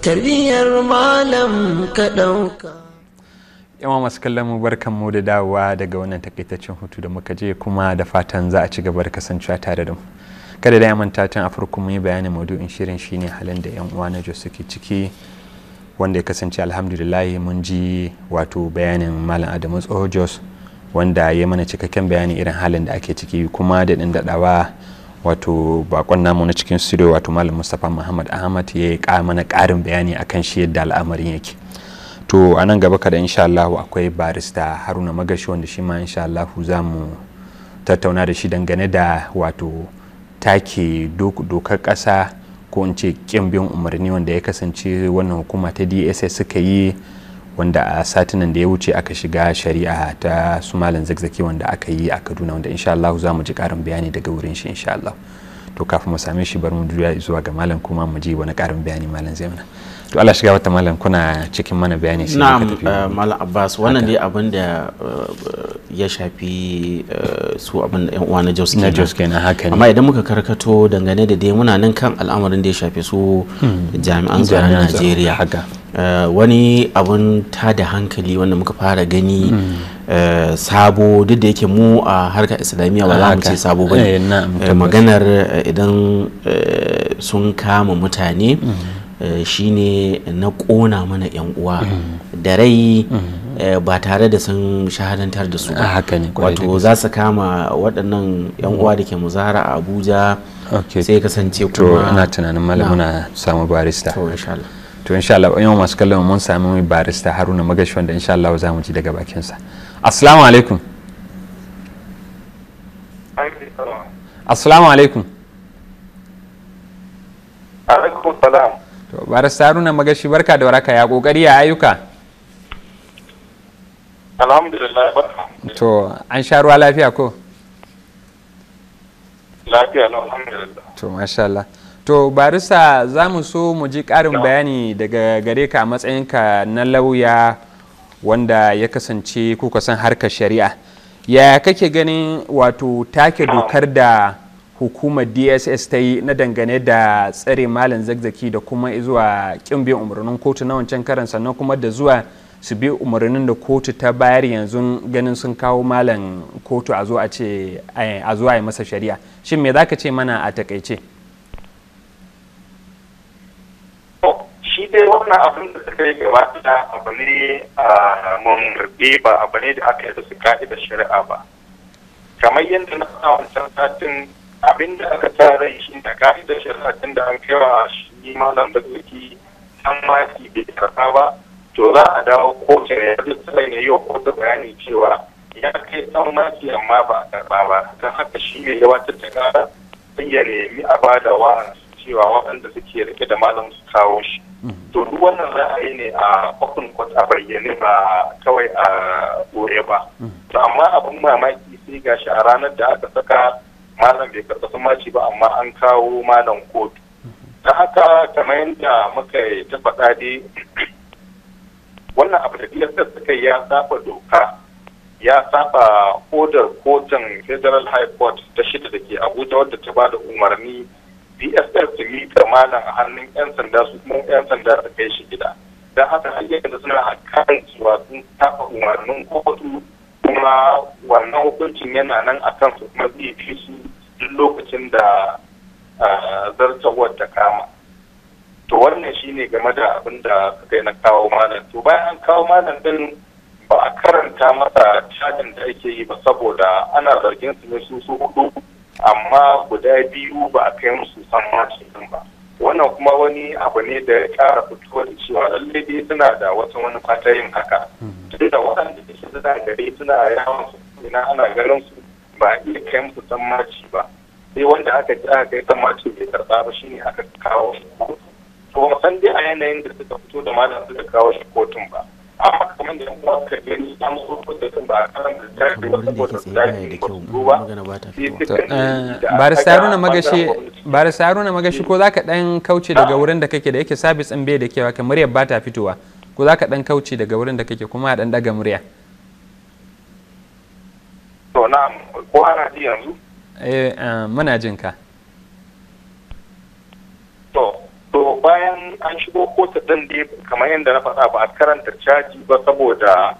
tarbiyyar malam ka ɗauka yawa masu kallon mu barkan mu da dawowa daga wannan takaitaccen hutu da muka je kuma da fatan za a ci gaba da kasancewa tare da mu kada da ya manta tun a farko mu yi bayanin maudu'in shirin shine halin da yan uwa na jos suke ciki wanda ya kasance alhamdulillahi mun ji wato bayanin malam adamu tsoho jos wanda ya mana cikakken bayanin irin halin da ake ciki kuma da ɗin daɗawa wato bakon namu na cikin studio wato malam mustapha muhammad ahmad ya yi mana karin bayani akan shi yadda al'amarin yake to a nan gaba kada insha allahu akwai barista haruna magashi wanda shi ma insha allahu za mu tattauna da shi dangane da wato take dokar kasa ko in ce kin umarni wanda ya kasance wannan hukuma ta dss suka yi wanda a satinan da ya wuce aka shiga shari'a ta su malam wanda aka yi a kaduna wanda insha Allah za mu ji karin bayani daga wurin shi insha Allah to kafin mu same shi bar mu duya zuwa ga malam kuma mu ji wani karin bayani malam zai to Allah shiga wata malam kuna cikin mana bayani shi ka tafi eh, malam Abbas wannan dai abin da eh, ya shafi eh, su abin da yan uwa na Jos kenan Jos kenan haka ne amma idan muka karkato dangane da dai muna nan kan al'amarin da ya shafi su hmm. jami'an tsaron Najeriya haka Eh, wani abun tada hankali wanda muka fara gani mm. eh, sabo duk da yake mu a harkar islamiyya ba za mu ce sabo ba eh, maganar idan sun kama mutane mm. shine na kona mana yan uwa mm. da rai ba tare da sun shahadantar da su ba wato za su kama waɗannan yan uwa da ke muzara a abuja sai kasance kuma na tunanin malamuna samu barista to insha Allah yau masu kallon mun sami barista Haruna Magashi wanda insha Allah za mu ji daga bakin sa assalamu alaikum assalamu alaikum alaikum salam to barista Haruna Magashi barka da waraka ya kokari ya ayyuka alhamdulillah to an sha ruwa lafiya ko lafiya alhamdulillah to masha Allah to barisa za mu so mu ji ƙarin bayani daga gare ka matsayinka na lauya wanda ya kasance kuka san harkar shari'a ya kake ganin wato take dokar da hukumar dss ta yi na dangane da tsare malin zagzaki da kuma zuwa kin biyan umarnin kotu na wancan karan sannan kuma da zuwa su bi umarnin da kotu ta bayar yanzu ganin sun kawo malam kotu a zo a ce a zuwa yi masa shari'a shin me za ka ce mana a takaice shi dai wannan abin da suka yi gaba ɗaya abu ne mun ba abu ne da aka yi da su ka'ida shari'a ba kamar yadda na faɗa wancan satin abin da aka rai shi da ka'ida shari'a tun da an kaiwa shi malam da suke an maki bai karɓa ba to za a dawo ko ya zai tsara ne yau ko da bayani cewa ya kai an maki amma ba a karɓa ba don haka shi ne gabatar da ƙara sai ya nemi a ba da wa'azi cewa waɗanda suke rike da malam su kawo shi to duk wannan ra'ayi ne a open court a bayyane ba kawai a ɓoye ba to amma abin mamaki sai gashi a ranar da aka saka malam bai karɓi sumaci ba amma an kawo malam kotu ta haka kamar yadda muka ta faɗa dai wannan abu da DSS suka ya saba doka ya saba odar kotun federal high court ta shida da ke abuja wadda ta ba da umarni dss su yi malam a hannun yan sanda su kuma yan sanda su kai shi gida don haka hanyar da suna kan cewa sun tafa umarnin kotu kuma wannan hukuncin yana nan a kan su kuma zai fi su duk lokacin da zartawar ta kama to wannan shine game da abin da suka yi na kawo malam to bayan an kawo malam din ba a karanta masa cajin da ake yi ba saboda ana zargin su ne su su hudu amma guda biyu ba a kai musu san ɗin ba wannan kuma wani abu ne da ya kara fitowa da cewa lallai dai suna da wata wani fata yin haka mhm. tun da waɗanda ke da gare suna yawon su ina ana ganin su ba a iya kai musu san mace ba sai wanda aka ji aka kai san mace bai karɓa ba shine aka kawo shi to san dai a yanayin da suka fito da malam suka kawo shi kotun ba amma kamar da eh, barista haruna eh, magashi barista haruna magashi ko zaka dan kauce daga wurin da kake da yake sabis din bai da kewa kamar muryar ba ta fitowa ko zaka dan kauce daga wurin da kake kuma a dan daga murya to na ko ana ji yanzu eh, eh muna jinka bayan an shigo kotu din dai kamar yadda na faɗa ba a karanta caji ba saboda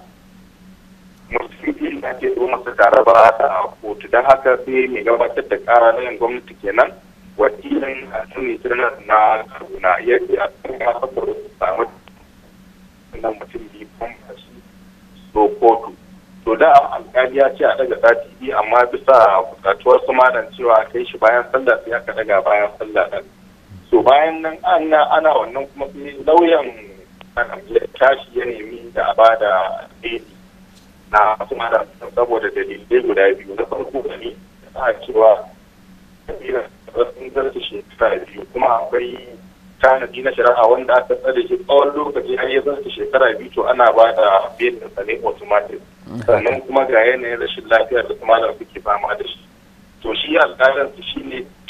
musulmi na ke zo masa tare ba a kotu don haka sai mai gabatar da kara na yin gwamnati kenan wakilin a cikin na kaduna ya ce a kan ya su samu na mutum biyu kan shi so kotu to da alƙali ya ce a daga sati biyu amma bisa bukatuwar su madan cewa kai shi bayan sallah sai aka daga bayan sallah so bayan nan ana ana wannan kuma lauyan tashi ya nemi da a bada daidai na kuma da saboda dalilai guda biyu na farko ne a cewa sun zarta shekara biyu kuma akwai tanadi na shari'a wanda aka tsare shi tsawon lokaci har ya zarta shekara biyu to ana ba da biyan da ne automatic sannan kuma ga yanayin rashin lafiya da kuma da suke fama da shi to shi alƙalin shi ne.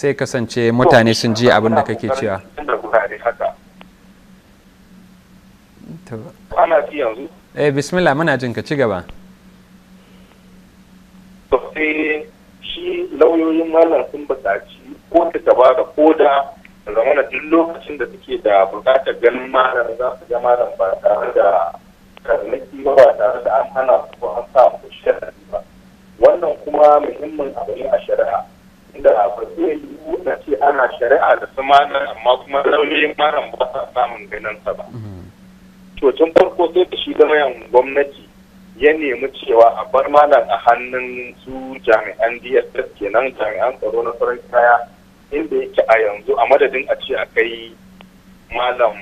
sai kasance mutane sun ji abin da kake cewa ana eh bismillah muna jin ka ci gaba shi lauyoyin malam sun buƙaci ko ta taba da ko da zamana duk lokacin da suke da buƙatar ganin malam za su ga malam ba tare da karnaki ba ba tare da an hana ko an sa musu shari'a ba wannan kuma muhimmin abu ne a shari'a da ba zai yiwu ce ana shari'a da su malam amma kuma lauyoyin malam ba sa samun ganin sa ba to tun farko sai da shi zama yan gwamnati ya nemi cewa a bar malam a hannun su jami'an dss kenan jami'an tsaro na farin kaya inda yake a yanzu a madadin a ce a kai malam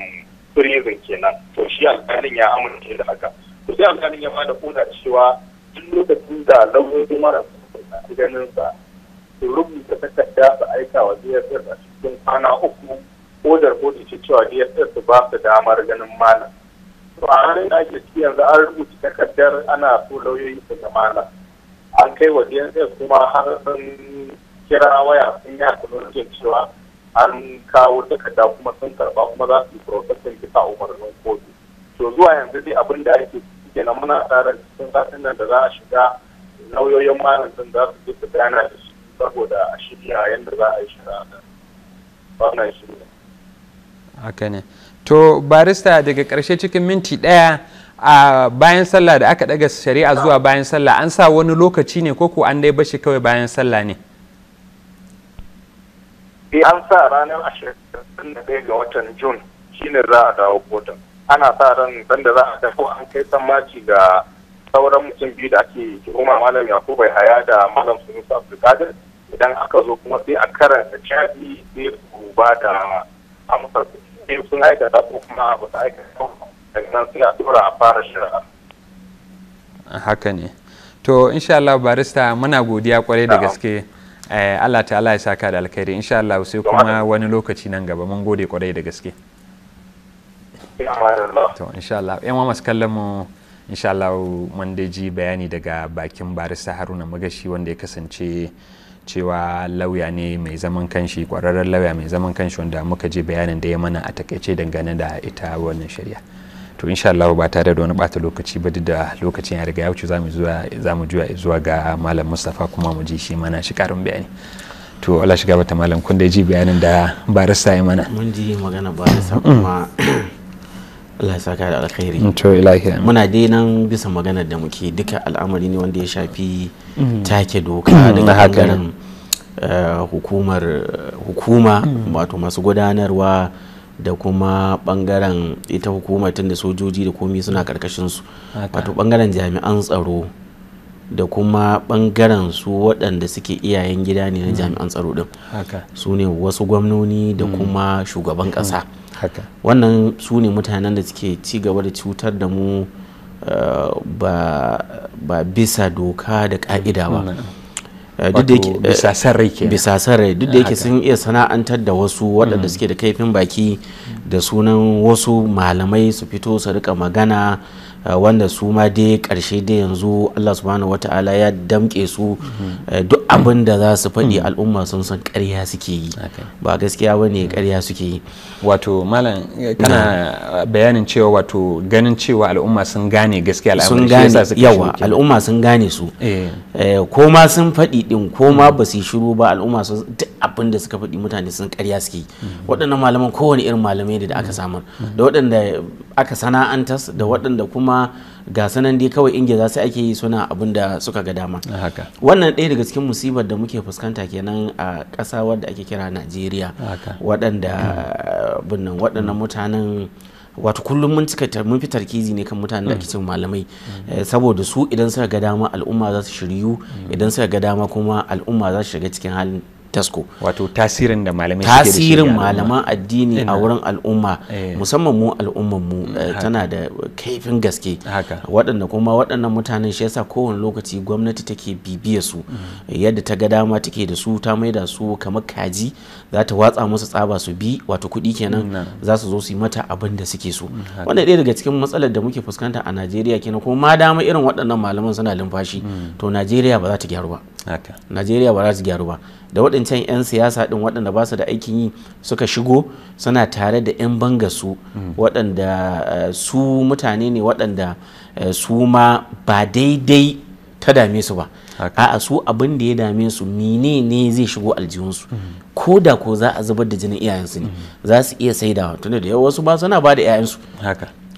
prison kenan to shi alƙalin ya amince da haka to sai alƙalin ya bada da cewa duk lokacin da lauyoyin marasa ganin sa su rubuta takarda su aika wa dss a cikin kwana uku da kotu ce cewa dss su ba su damar ganin malam to a halin da ake ciki yanzu an rubuta takardar ana so lauyoyi su ga malam an kai wa dss kuma har sun kira waya sun yi akwai cewa an kawo takarda kuma sun karba kuma za su yi kisa a umarnin kotu to zuwa yanzu dai abin da ake kenan muna tsara cikin satin nan da za a shiga lauyoyin malam sun za su je su gana da saboda a shirya yadda za a yi wannan shi haka ne to barista daga karshe cikin minti ɗaya a bayan sallah da aka daga shari'a zuwa bayan sallah an sa wani lokaci ne koko an dai bashi kawai bayan sallah ne eh, an sa ranar ashirin da ɗaya ga watan jun shine za a dawo kotun ana sa ran da za a tafi an kai sammaci ga sauran mutum biyu da ake tuhuma malam yakubu haya da malam sunusu abdulkadir idan aka zo kuma sai a karanta shafi sai ku ba da amsar sai sun aikata ko kuma ba su aikata daga nan sai a tura a fara shari'a haka ne to insha Allah barista muna godiya kwarai da gaske eh, Allah ta Allah ya saka da alkhairi insha Allah sai kuma wani lokaci nan gaba mun gode kwarai da gaske to insha Allah yan masu kallon mu inshallah mun dai ji bayani daga bakin barista Haruna Magashi wanda ya kasance cewa lauya ne mai zaman kanshi kwararren lauya mai zaman kanshi wanda muka je bayanin da ya mana a takaice dangane da ita wannan shari'a to insha Allah ba tare da wani bata lokaci ba da lokacin ya riga ya wuce mu zuwa juya zuwa ga malam Mustafa kuma mu ji shi mana shi karin bayani to Allah shiga bata malam kun da ji bayanin da barista ya mana mun ji magana barista kuma Allah da alkhairi mm, to ilahi muna dai nan bisa magana da muke duka al'amari ne wanda ya shafi mm. take doka mm, daga bangaren eh, hukumar hukuma wato masu gudanarwa da kuma bangaren ita hukumar tun da sojoji da komi suna karkashin su wato bangaren jami'an tsaro da kuma bangaren su waɗanda suke iyayen gida ne na hmm. jami'an tsaro din su ne wasu gwamnoni da hmm. kuma shugaban hmm. ƙasa wannan su ne mutanen da suke ci gaba da cutar da mu eh, ba bisa doka da ka'ida ba eh, eh, bisa sarrai duk da yake sun iya sana'antar da wasu waɗanda suke da kaifin baki da sunan wasu malamai su fito su rika magana Eh, wanda su ma dai karshe dai yanzu Allah subhanahu wata'ala ya damke su eh, duk abin da za su faɗi hmm. al'umma sun san ƙarya suke yi ba gaskiya ba ne ƙarya suke yi wato malam kana bayanin cewa wato ganin cewa al'umma sun gane gaskiya sun gane yawa al'umma sun gane su eh. ko ma sun faɗi din ko ma ba su yi shiru ba al'umma sun duk abin da suka faɗi mutane sun ƙarya suke yi hmm. waɗannan malaman kowane irin malamai da aka hmm. samar da waɗanda aka sana'antar da waɗanda kuma kuma ga sanan dai kawai za su ake yi suna abin da suka ga dama wannan ɗaya daga cikin musibar da muke fuskanta kenan a ƙasa wadda ake kira najeriya waɗanda hmm. binnan waɗannan hmm. mutanen wato kullum mun cika mun fi tarkizi ne kan mutanen da hmm. ake malamai eh, saboda su idan suka ga dama al'umma za su shiryu idan suka ga dama kuma al'umma za su shiga cikin halin tasko wato tasirin da malamai tasirin malaman addini a wurin al'umma eh. musamman mu al'umman mu eh, tana da kaifin gaske waɗanda kuma waɗannan mutanen shi yasa kowane lokaci gwamnati take bibiya su mm-hmm. yadda ta ga dama take da su ta maida su kamar kaji za ta watsa musu tsaba su bi wato kuɗi kenan za su zo su yi mata abin da suke so mm, wanda ɗaya daga cikin matsalar da muke fuskanta a Najeriya kenan kuma ma dama irin waɗannan malaman suna limfashi mm. to Najeriya ba za ta gyaru ba najeriya ba za su gyaru ba da waɗancan 'yan siyasa ɗin waɗanda ba su da aikin yi suka shigo suna tare da 'yan banga su mm. waɗanda eh, su mutane ne waɗanda eh, su ma ba daidai ta dame su ba a'a su abin da ya dame su mine ne zai shigo aljihunsu mm. ko da ko za a zubar da jinin iyayensu ne mm. za su iya saidawa tunda da wasu ba suna ba da 'ya'yansu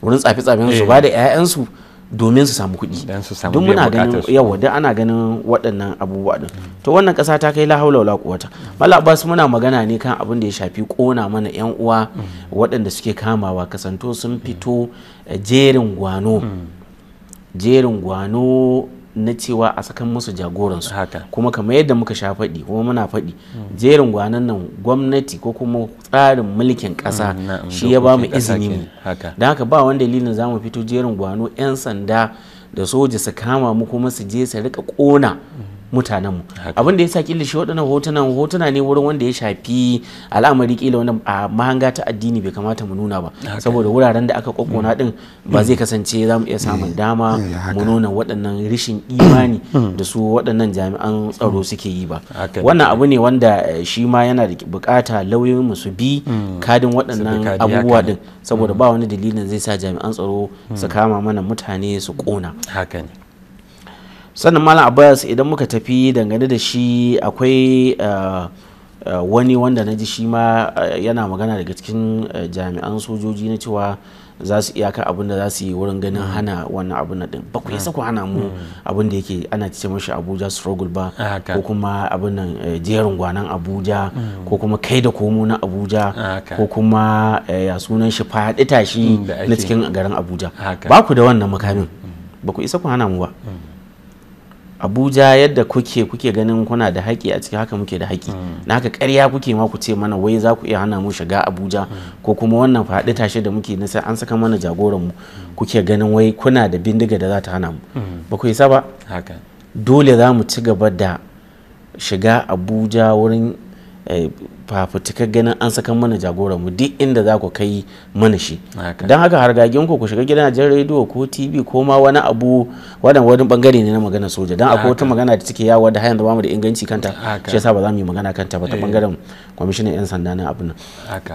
wurin tsafi-tsafi tsafen su ba eh. da 'ya'yansu domin su samu kuɗi don muna ganin yawa da ana ganin waɗannan abubuwa din to wannan ƙasa ta kai lahaula wala kuwata mala abbas muna magana ne kan abin da ya shafi ƙona mana yan uwa waɗanda suke kamawa kasanto sun fito eh, jerin gwano mm. jerin gwano na cewa a sakan musu jagoransu kuma kamar yadda muka sha faɗi kuma muna faɗi jerin gwanan nan gwamnati ko kuma tsarin mulkin ƙasa mm, shi ya ba mu izini mu don haka ba wani dalilin za mu fito jerin gwano 'yan sanda da soja su kama mu kuma su je su rika ƙona mutanenmu abin da ya sa kila shi waɗannan hotunan hotuna ne wurin wanda ya shafi al'amari kila wanda a mahanga ta addini bai kamata mu nuna ba saboda wuraren da aka kokona din mm. ba zai mm. kasance za mu iya samun mm. dama mu nuna waɗannan rishin imani da su waɗannan jami'an tsaro suke yi ba wannan abu ne wanda eh, shi ma yana da bukata lauyoyin mu su bi kadin waɗannan abubuwa din saboda ba wani dalilin zai sa jami'an tsaro su kama mana mutane su kona haka ne sannan malam abbas idan muka tafi dangane da shi akwai eh, eh, wani wanda na ji shi ma eh, yana magana daga cikin jami'an sojoji na cewa za su iyaka abin da za su yi wurin ganin mm. hana wannan abin din ba ku isa ku hana mu mm. abin da yake ana cice mashi abuja struggle ba ko kuma abin nan jerin gwanan abuja mm. ko kuma kai da komo na abuja ko kuma ya sunan shi faɗi tashi na cikin garin abuja ba ku da wannan makamin ba ku isa ku hana mu ba abuja yadda kuke kuke ganin kuna da haƙi a ciki haka muke da haƙi mm. na haka ƙarya kuke ma ku ce mana wai za ku iya hana mu shiga abuja mm. ko kuma wannan faɗi tashe da muke nisa an saka mana jagoran mu mm. kuke ganin wai kuna da bindiga da za ta hana mu ba ku isa ba dole za mu ci gaba da shiga abuja wurin Eh, fafutuka ganin an saka mana jagoran mu duk inda za ku kai mana shi don haka hargagen ku ku shiga gidajen rediyo ko tv ko ma wani abu wadan wani bangare ne na magana soja don akwai wata magana da take yawa da hayan da bamu da inganci kanta shi yasa ba za mu yi magana kanta ba ta eh. bangaren kwamishinan yan sanda na abin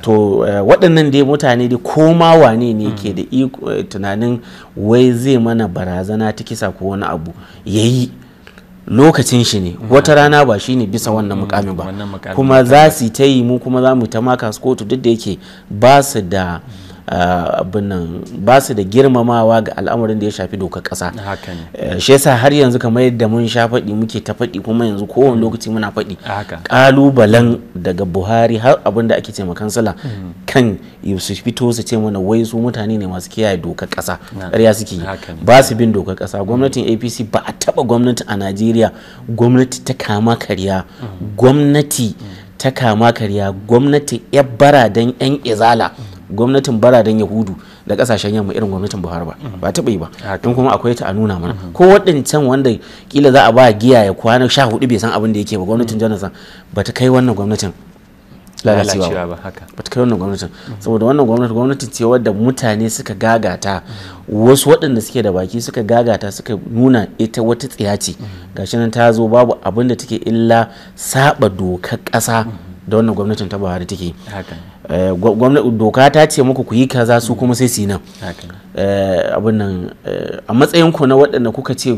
to eh, waɗannan dai mutane dai ko wane ne ke mm. da tunanin wai zai mana barazana ta kisa ko wani abu yayi lokacin shi ne mm. wata rana ba shi ne bisa wannan mm. mukamin ba kuma za su ta yi mu kuma za mu ta maka kotu duk da yake ba su da mm. abin nan ba su da girmamawa ga al'amarin da ya shafi doka ƙasa eh, shi yasa har yanzu kamar yadda mun sha faɗi muke ta faɗi kuma yanzu kowane lokaci muna faɗi ƙalubalen daga buhari har abin da ake ce kansala hmm. kan su fito su ce mana wai su mutane ne masu kiyaye doka ƙasa ƙarya suke yi ba su bin doka ƙasa gwamnatin apc ba a taɓa gwamnati a najeriya gwamnati ta kama karya hmm. gwamnati hmm. ta kama karya gwamnati yabbara bara don 'yan izala gwamnatin baradan yahudu da kasashen yamma irin gwamnatin buhari ba ba taɓa yi ba don kuma akwai ta a nuna mana mhm. ko waɗancan wanda kila za a ba giya ya kwana sha hudu bai san abin da yake ba gwamnatin mhm. jonathan ba ta kai wannan gwamnatin lalacewa ba ba ta kai wannan gwamnatin mhm. saboda wannan gwamnatin gwamnatin ce wadda mutane suka gagata wasu waɗanda suke da baki suka gagata suka nuna ita wata tsiya ce gashi nan ta zo babu abin da take illa saba dokar ƙasa da wannan gwamnatin ta buhari take Eh, gwamnati doka ta ce muku ku yi kaza su kuma sai su nan eh, abin nan eh, a matsayin ku na waɗanda kuka ce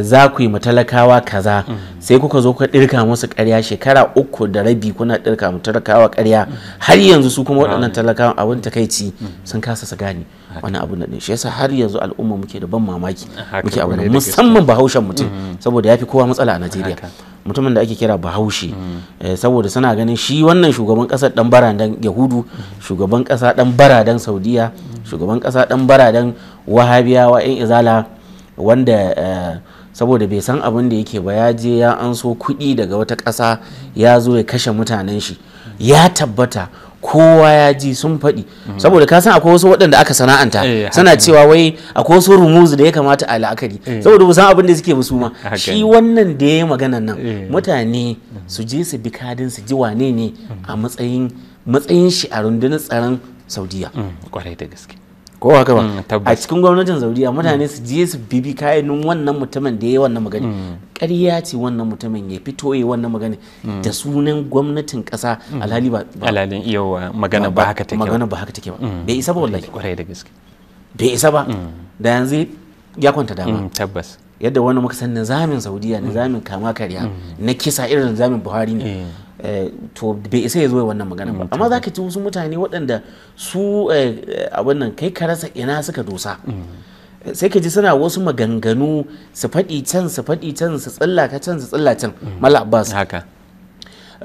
za ku yi matalakawa kaza mm-hmm. sai kuka zo kuka ɗirka musu ƙarya shekara uku da rabi kuna ɗirka matalakawa ƙarya har yanzu su kuma waɗannan talakawa abin takaici mm-hmm. sun kasa su gane wani abu na shi yasa har yanzu al'umma muke da ban mamaki muke abu musamman bahaushen mutum mm-hmm. saboda ya fi kowa matsala a najeriya mutumin da ake kira bahaushe eh, saboda suna ganin shi wannan shugaban kasar dan baradan yahudu shugaban kasa dan baradan saudiya shugaban kasa dan baradan wahabiyawa yan izala wanda eh, saboda bai san abin da yake ba ya je ya anso kuɗi daga wata ƙasa ya zo ya kashe mutanen shi ya tabbata kowa ya ji sun faɗi mhm. saboda ka san akwai wasu waɗanda aka sana'anta eh, suna cewa wai akwai wasu rumuzu da ya kamata a la'akari eh. saboda san abin da suke musu ma shi wannan da ya yi maganan nan eh. mutane su je su bi kadin su ji wane ne a mhm. matsayin matsayin shi a rundunar tsaron saudiya kwarai mm, da gaske ko haka ba mm, a cikin gwamnatin zauriya mutane su je su bibi kayanin wannan mutumin da ya yi wannan magani mm. ƙarya ce wannan mutumin ya fito ya wannan magani mm. da sunan gwamnatin ƙasa alhali ba alhalin yawa magana ba haka take magana ba haka take ba bai isa ba wallahi kwarai da gaske bai isa ba da yanzu ya kwanta dama tabbas yadda wani muka san nizamin saudiya mm. nizamin kama karya mm. na kisa irin nizamin buhari ne eh. Eh, to bai isa ya zo wannan magana ba mm, amma za ka ci wasu mutane waɗanda su eh, abin nan kai ka rasa ina suka dosa sai ka ji suna wasu maganganu su faɗi can su faɗi can su tsallaka can su tsalla mala abbas haka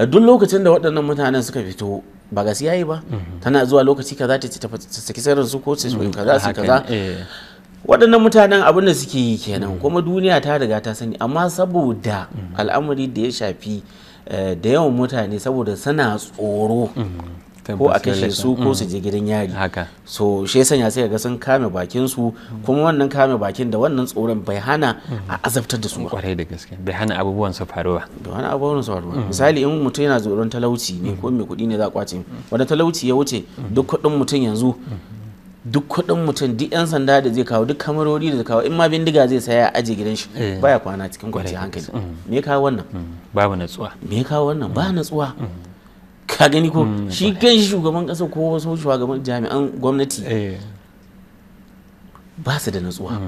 duk lokacin da waɗannan mutanen suka fito ba gaskiya yi ba tana zuwa lokaci kaza ta saki sirrin su ko su kaza su kaza waɗannan mutanen abin da suke yi kenan kuma duniya ta riga ta sani amma saboda mm. al'amari da ya shafi eh, da yawan mutane saboda suna tsoro mm. ko a kashe su ko su mm. je gidan yari so shi sanya sai ga sun kame bakin su kuma wannan kame bakin da wannan tsoron bai hana a azabtar da su ba kwarai da gaske bai hana abubuwan su faruwa bai hana abubuwan su faruwa misali in mutum yana tsoron talauci ne ko mai kuɗi ne za a kwace wanda talauci ya wuce duk kuɗin mutum yanzu duk kuɗin mutum duk 'yan sanda da zai kawo duk kamarori da zai kawo in ma bindiga zai saya a aje gidan shi eh. baya kwana cikin kwanci hankali mm. me ya kawo wannan mm. babu natsuwa me ya kawo wannan ba mm. natsuwa ka gani ko shi kan shi shugaban kasa ko wasu shugaban jami'an gwamnati eh. ba su da natsuwa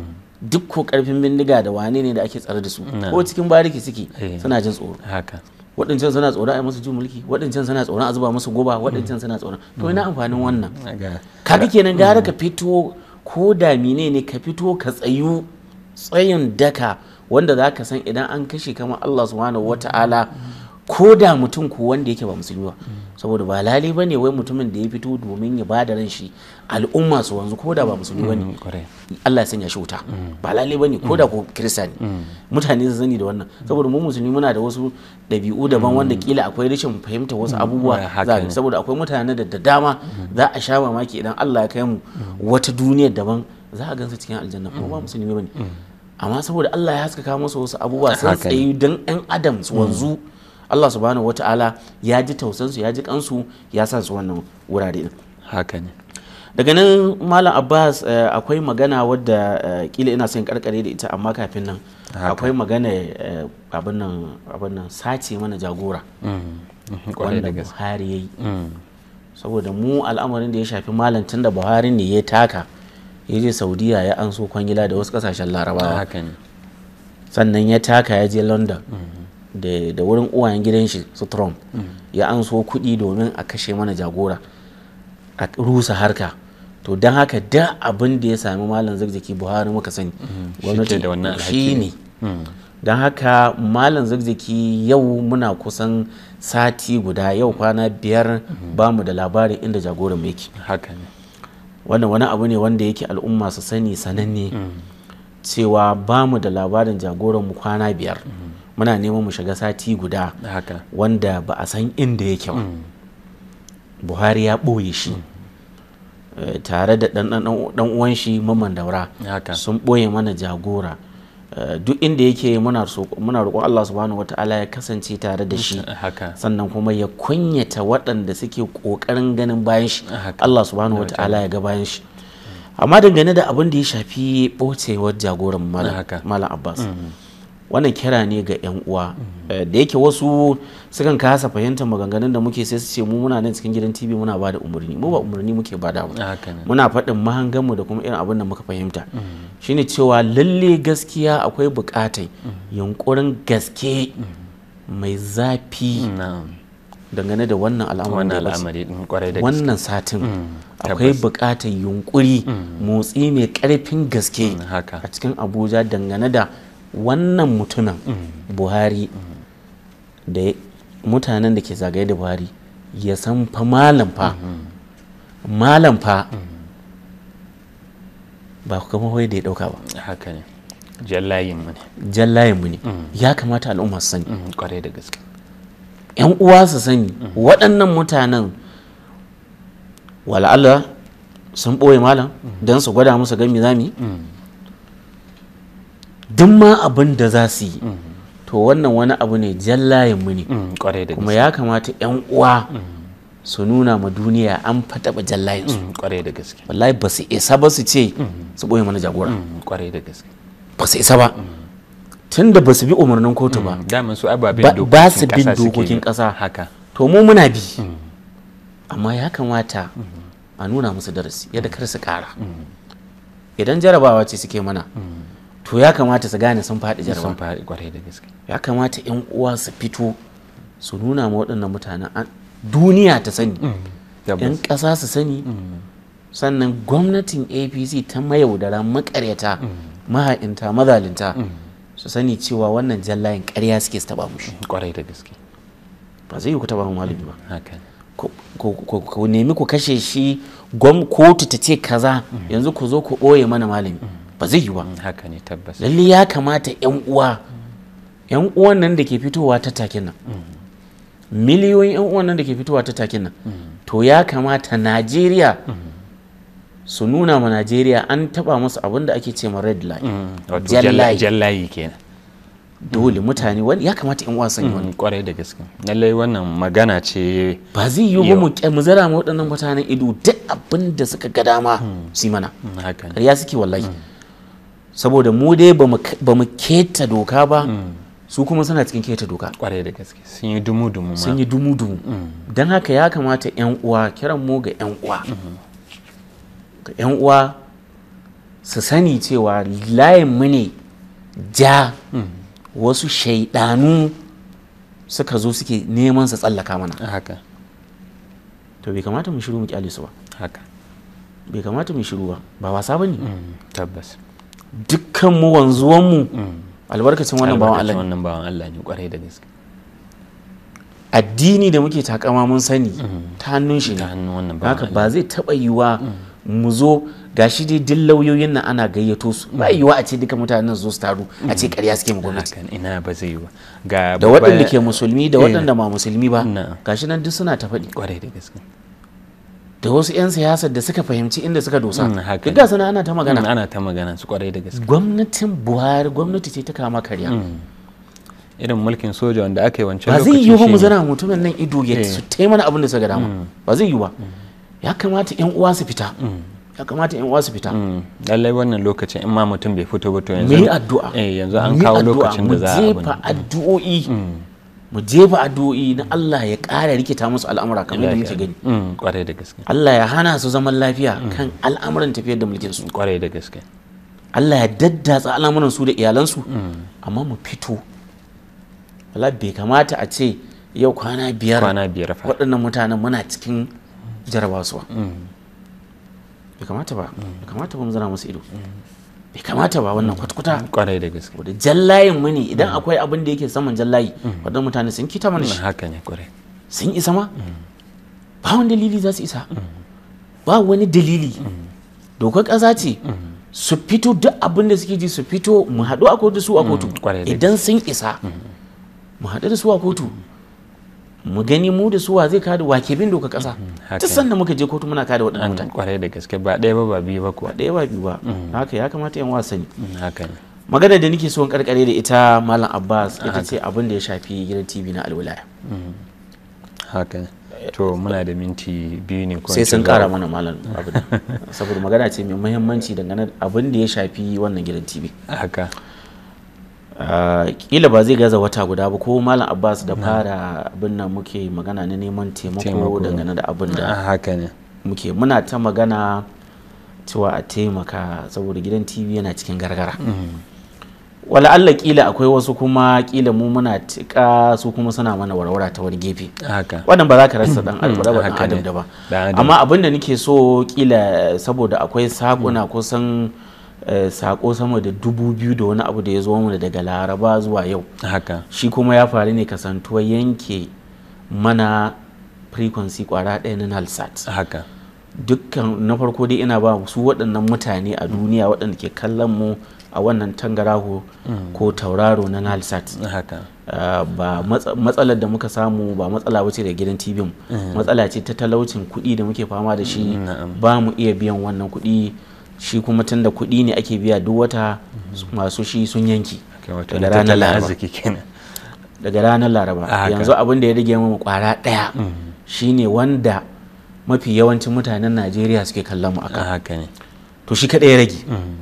duk ko karfin bindiga da wane ne da ake tsare da su ko cikin bariki suke eh. suna jin tsoro waɗancan suna tsoron a musu jin mulki waɗancan suna tsoron a zuba musu guba waɗancan suna tsoron to ina amfanin wannan kaga kenan gara ka fito ko da mine ne ka fito ka tsayu tsayin daka wanda za ka san idan an kashe kamar Allah subhanahu wata'ala ko da mutum ko wanda yake ba musulmi ba saboda ba lali ba ne wai mutumin da ya fito domin ya bada ran shi al'umma su wanzu ko da ba musulmi ba ne mm, Allah ya sanya shi wuta mm. ba lali ba ne ko da ko kirista ne mm. mutane su sani da wannan saboda mu musulmi muna da wasu ɗabi'u daban wanda kila akwai rashin fahimta wasu abubuwa saboda akwai mutane da dama za a sha mamaki idan Allah ya kai mu wata duniya daban za a gansu cikin aljanna kuma ba musulmi ba ne amma saboda Allah ya haskaka musu wasu abubuwa sai tsayi don ɗan adam su wanzu Allah subhanahu wata'ala ya ji tausansu ya ji kansu ya sa su wannan wurare haka ne daga nan malam abbas eh, akwai magana wadda eh, kila ina son karkare da ita amma kafin nan akwai magana eh, abin nan sace mana jagora mm. Mm, wanda buhari ya yi mm. saboda mu al'amarin da ya shafi malam tun da buhari ne ya taka ya je saudiya ya an so kwangila da wasu kasashen larabawa sannan ya taka ya je london da wurin uwayen gidan shi su trump mm. ya an so kuɗi domin a kashe mana jagora a rusa harka to don haka da abin da ya sami malam zarzaki buhari muka sani mm. gwamnati shi ne mm. don haka malam zarzaki yau muna kusan sati guda yau kwana biyar ba mu da labari inda jagoran mu yake wannan wani abu ne wanda yake al'umma su sani sananne cewa ba mu da labarin jagoran mu kwana biyar muna neman mu shiga sati guda wanda ba a san inda yake ba mm. buhari ya ɓoye shi mm. eh, tare da ɗan uwan shi maman daura sun ɓoye mana jagora eh, duk inda yake muna roƙon Allah subhanahu ya kasance tare da shi mm, sannan kuma ya kunyata waɗanda suke ƙoƙarin ganin bayan shi Allah subhanahu ya ga bayan shi amma dangane da abin da ya shafi ɓocewar jagoran malam abbas wannan kira ne ga 'yan uwa eh, da yake wasu sukan kasa fahimtar maganganun da muke sai su ce mu muna nan cikin gidan tv muna bada umarni mu ba umarni muke bada ba ah, muna faɗin mahanganmu da kuma irin abin da muka fahimta mm. shine cewa lalle gaskiya akwai buƙatar mm. yunkurin gaske mm. mai zafi dangane da wannan al'amari wannan satin akwai buƙatar yunkuri motsi mai ƙarfin gaske a cikin abuja dangane da wannan mutumin buhari da mutanen da ke zagaye da buhari ya san fa malam fa malam fa ba kuma da ya dauka ba haka ne jallayin mu ne jallayin mu ne mm. ya kamata al'umma su sani kwarai mm, da gaske yan uwa su sani mm. waɗannan mutanen wala'ala sun ɓoye malam don su gwada musu gami zami duk ma abin da za su yi mm. to wannan wani abu ne mu ne mm, kuma ya kamata 'yan uwa mm. su nuna ma duniya an fataba su. kwarai da gaske wallahi ba su isa ba su ce su boye mana jagora kwarai da gaske ba su isa ba tun da ba su bi umarnin kotu ba ba su bin dokokin kasa haka to mu muna bi amma ya kamata a nuna musu darasi yadda kar su kara idan jarabawa ce suke mana to ya kamata su gane sun faɗi jarwa sun faɗi kwarai da gaske ya kamata yan uwa su fito su nuna ma waɗannan mutanen duniya ta sani yan mm, ƙasa su sani mm. sannan gwamnatin apc ta mayaudara makaryata mm. maha'inta mazalinta su sani cewa wannan jallayin karya suke su taɓa mushi kwarai da gaske ba zai yi ku taɓa malami ba ku nemi ku kashe shi kotu ta ce kaza yanzu ku zo ku ɓoye mana malami ba zai yi haka ne tabbas lalle ya kamata yan uwa yan uwan nan da ke fitowa ta takin nan mm. miliyoyin yan uwan nan da ke fitowa ta takin nan mm. to ya kamata najeriya mm. su nuna ma najeriya an taba musu abin da ake ce ma red line jallayi kenan dole mutane wani ya kamata in wasan yi wani kwarai da gaske lallai wannan magana ce ba zai yi ba mu mu zara ma waɗannan mutanen ido duk abin da suka ga dama su mana ya suke wallahi saboda mu dai ba mu keta doka ba mm. su kuma suna cikin keta doka kwarai da gaske sun yi dumu dumu sun yi dumu dumu mm. don haka ya kamata yan uwa kiran mu ga yan uwa mm-hmm. ga yan uwa su sani cewa layin mu ne ja mm. wasu shaidanu suka zo suke neman su tsallaka mana haka to bai kamata mu shiru mu kyale su ba haka bai kamata mu shiru ba ba wasa bane tabbas dukkan mu wanzuwan mu mm. albarkacin wannan bawan Allah ne kwarai da gaske addini da muke takama mun sani mm. ta hannun shi ne haka ba zai taba yiwa mm. mu zo gashi dai duk lauyoyin nan ana gayyato su ba yiwa a ce duka mutanen zo su taru a ce ƙarya suke mu gwamnati ina ba zai yiwa ga da waɗanda ke musulmi da eh. waɗanda ba musulmi ba gashi nan duk suna ta faɗi kwarai da gaske da wasu 'yan siyasar da suka fahimci inda suka dosa mm, duk da sana ana ta magana mm, ana ta magana su kwarai da gaske gwamnatin buhari gwamnati ce ta kama karya mm. irin mulkin soja wanda aka yi wancan lokaci ba zai yiwu ba mu zana mutumin nan ido ya eh. su taimana abin da suka dama ba zai yiwu ba ya kamata 'yan uwa su fita ya kamata uwa su fita. lallai wannan lokacin in ma mutum bai fito ba to yanzu. mu yi addu'a. Eh, yanzu an kawo lokacin da za a. mu jefa addu'o'i. mu jefa addu'o'i na Allah ya ƙara rikita musu al'amura kamar da muke gani mm, ƙwarai da gaske Allah ya hana su zaman lafiya mm. kan al'amuran tafiyar da mulkin su ƙwarai da gaske Allah ya daddatsa al'amuran su da iyalansu mm. amma mu fito wala bai kamata a ce yau kwana biyar waɗannan mutanen muna cikin jarabasuwa bai kamata ba bai kamata ba mu zana musu ido bai kamata ba wannan kwatkwata kwarai da gaske da jallayin mu ne idan akwai abin da yake saman jallayi mm. wadannan mutane sun kita mana shi mm, haka ne kwarai sun isa ma mm. ba wani dalili za su isa ba wani dalili dokar ƙasa ce su fito duk abin da suke ji su fito mu haɗu a kotu su a kotu idan sun isa mu haɗu da su a kotu mu gani mu da suwa zai kada wa ke bin doka kasa ta sannan muka je kotu muna kada waɗannan mutane kwarai da gaske ba ɗaya ba ba biyu ba kuwa ɗaya ba biyu ba mm-hmm. haka ya kamata yan wasa mm-hmm. haka ne magana da nake son karkare da ita malam abbas ita ce abin da ya shafi gidan tv na alwilaya mm-hmm. haka to muna da minti biyu ne sai sun kara mana malam saboda magana ce mai muhimmanci dangane abin da ya shafi wannan gidan tv haka kila ba zai gaza wata guda ba ko malam abbas da fara abin nan muke magana na neman taimako dangane da abin da ah, haka ne muke muna ta magana cewa a taimaka saboda gidan tv yana cikin gargara mm. wala Allah kila akwai wasu kuma kila mu muna tika su kuma suna mana warwara ta wani gefe wannan ba za ka rasa dan albarka mm, ba adam da ba amma abin da nake so kila saboda akwai sakuna mm. kusan Eh, sako sama da dubu biyu da wani abu da ya zo mu daga laraba zuwa yau haka shi kuma ya faru ne kasantuwa yanke mana frequency kwara ɗaya na nalsat haka dukkan na farko dai ina ba su waɗannan mutane a duniya waɗanda ke kallon mu a wannan tangaraho mm. ko tauraro na nalsat eh, ba matsalar da muka samu ba matsala ba da gidan tv mm. matsala ce ta talaucin kuɗi da muke fama da shi ba mu iya biyan wannan kuɗi shi kuma tunda kuɗi ne ake biya duk wata mhm. masu shi sun yanki daga ranar laraba daga ranar laraba yanzu abin da ya rage mu kwara ɗaya mhm. shine wanda mafi yawancin mutanen najeriya suke kallon mu akan ah, haka ne to shi kaɗai ya rage mhm.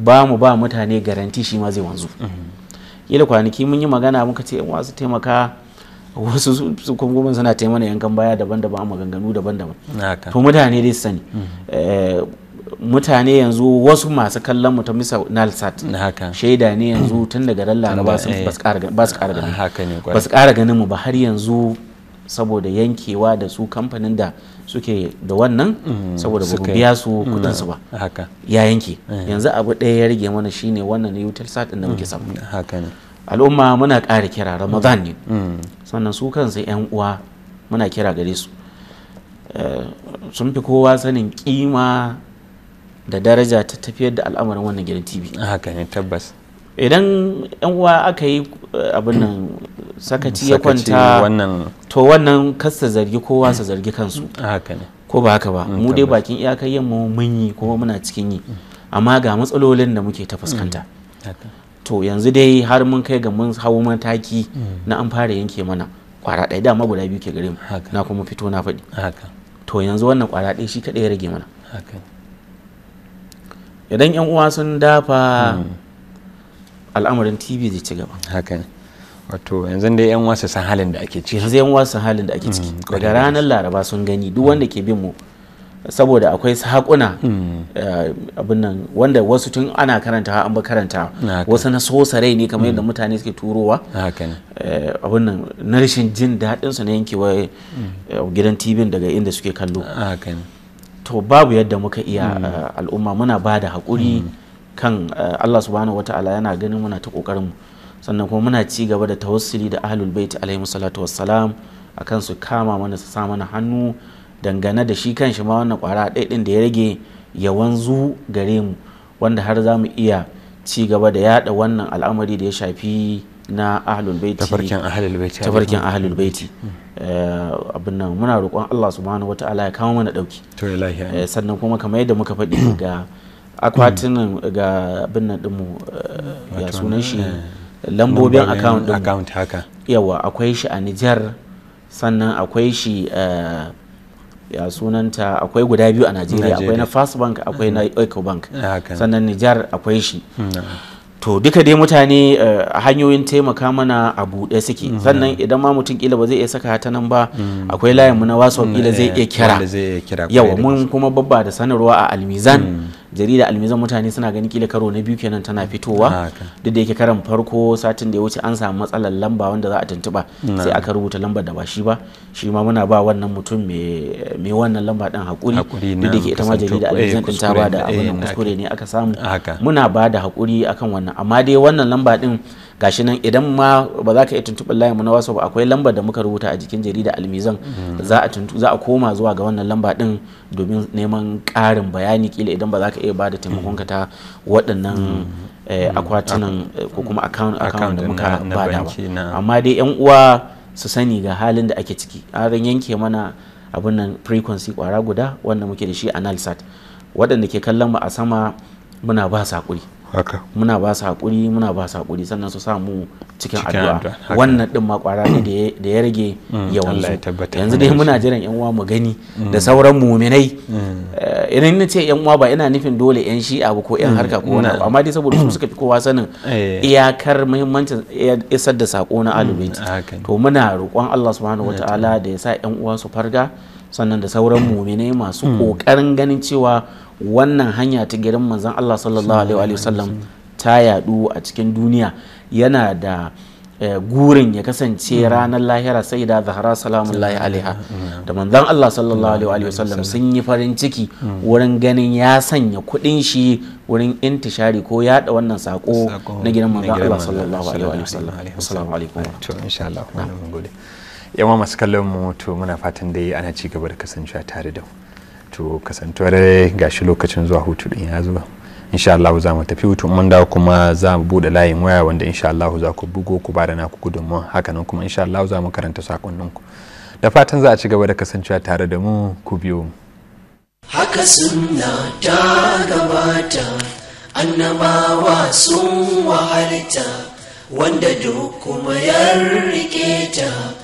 ba mu ba mutane garanti shi ma zai wanzu kila kwanaki mun yi magana muka ce yan wasu taimaka wasu su kungumin suna taimana yankan baya daban-daban maganganu daban-daban to mutane dai sani eh, mutane yanzu wasu masu kallon mu ta misa nalsat shaida ne yanzu tun daga ran laraba ba su kara ganin ba su kara ganin mu ba har yanzu saboda yankewa da su kamfanin da suke da wannan mm. saboda ba biya su mm. kudin ba ya yanke eh. yanzu abu ɗaya ya rage mana shine wannan ne yutar sat da muke mm. samu al'umma muna kara kira ramadan ne sannan su kansu yan uwa muna kira gare su eh, sun fi kowa sanin kima da daraja ta tafiyar da al'amarin wannan gidan tv haka ne tabbas idan yan uwa aka yi eh, abin nan sakaci ya kwanta to wannan kasta zargi kowa sa zargi kansu ko ba haka ba mm, mu dai bakin iyakar yin mu mun yi ko muna cikin yi amma ga matsalolin da muke ta fuskanta mm, to yanzu dai har mun kai ga mun hawo mataki mm. na an fara yanke mana kwara ɗaya dama guda biyu ke gare mu na kuma fito na faɗi to yanzu wannan kwara ɗaya shi kaɗai ya rage mana idan yan uwa sun dafa hmm. al'amarin tv zai ci gaba haka ne wato yanzu dai yan uwa san halin da ake ciki yanzu yan uwa san halin da ake hmm, ciki daga ranar laraba sun gani duk wanda ke bin mu saboda akwai hakuna hmm. eh, abin nan wanda wasu tun ana karantawa an ba karanta wasu na sosarai ne kamar yadda mutane suke turowa eh, abin nan na rashin jin daɗinsu na yankewa eh, gidan tv daga inda suke kallo to babu yadda muka iya hmm. uh, al'umma muna ba da haƙuri hmm. kan uh, Allah subhanahu wata'ala yana ganin muna ta ƙoƙarinmu sannan kuma muna ci gaba da tawassuli da ahlul bait alaihi salatu wassalam akan su kama mana su sa mana hannu dangane da shi kan shi ma wannan kwara ɗaiɗin da ya rage ya wanzu gare mu wanda har za mu iya ci gaba da yaɗa wannan al'amari da ya shafi na ahlul baiti tafarkin ahlul baiti tafarkin ahlul baiti eh, abin nan muna roƙon Allah subhanahu wataala ya kawo mana dauki to ilahi eh, sannan kuma kamar yadda muka faɗi ga akwatin ga abin nan dinmu eh, ya sunan shi lambobin account din account haka yawa akwai shi a Nijar sannan akwai shi ya sunanta akwai guda biyu a Najeriya akwai na First Bank akwai na mm. Ecobank sannan Nijar akwai shi mm, to duka dai mutane a eh, hanyoyin taimaka mana a buɗe suke mm-hmm. sannan idan ma mutum kila ba zai iya saka ta nan ba mm. akwai layin mu na wasu kila eh, zai iya kira yawa mun kuma babba da sanarwa a almizan mm. jarida almizan mutane suna ganin kila karo na biyu kenan tana fitowa ah, duk da yake karan farko satin da ya wuce an samu matsalar lamba wanda za a tuntuba sai aka rubuta lambar da ba shi ba shi ma muna ba wannan mutum mai wannan lamba din hakuri duk da yake ita ma jarida eh, almizan din ta ba da abin eh, kuskure ne aka samu muna ba da hakuri akan wannan amma dai wannan lamba din gashi nan idan ma ba za ka iya tuntuɓar layin na na ba akwai lambar da muka rubuta a jikin jarida almizan mm. za a koma zuwa ga wannan lamba din domin neman ƙarin bayani kila idan ba za ka iya ba da taimakon ka ta waɗannan mm. Eh, mm. akwatunan eh, ko kuma account account da muka bada ba amma dai yan uwa su sani ga halin da ake ciki an yanke mana abin nan frequency kwara guda wanda muke da shi a nalsat waɗanda ke kallon mu a sama muna ba su muna ba su haƙuri muna ba su haƙuri sannan su samu cikin addu'a wannan din ma kwara ne da ya rage mm. yawan su yanzu dai muna jiran yan uwa mu gani mm. da sauran muminai mm. eh, idan nace ce yan uwa ba ina nufin dole yan shi'a ba ko yan harka ko wani amma dai saboda su suka fi kowa sanin eh. iyakar muhimmancin isar da sako na alubaiti to muna roƙon Allah subhanahu wataala da ya sa yan uwa su farga sannan da sauran muminai masu kokarin hmm. ganin cewa wannan hanya ta gidan manzon Allah sallallahu alaihi wasallam ta yadu a cikin duniya yana da eh, gurin ya kasance hmm. ranar lahira sai da zahara salamun lahi alaiha da manzon Allah sallallahu alaihi wasallam sun yi farin ciki hmm. wurin ganin ya sanya kudin shi wurin intishari ko yada wannan sako na gidan manzon Allah sallallahu alaihi wasallam assalamu alaikum yawan masu kallon mu to muna fatan dai ana ci gaba da kasancewa tare da to da gashi lokacin zuwa hutu din ya zuwa insha Allah za mu tafi hutu mun dawo kuma za mu bude layin waya wanda insha Allah za ku bugo ku bada naku gudunmu nan kuma insha Allah za mu karanta sakonninku da fatan za a ci gaba da kasancewa tare da mu ku biyo mu haka sunna ta gabata annabawa sun wahalta wanda duk kuma ya ta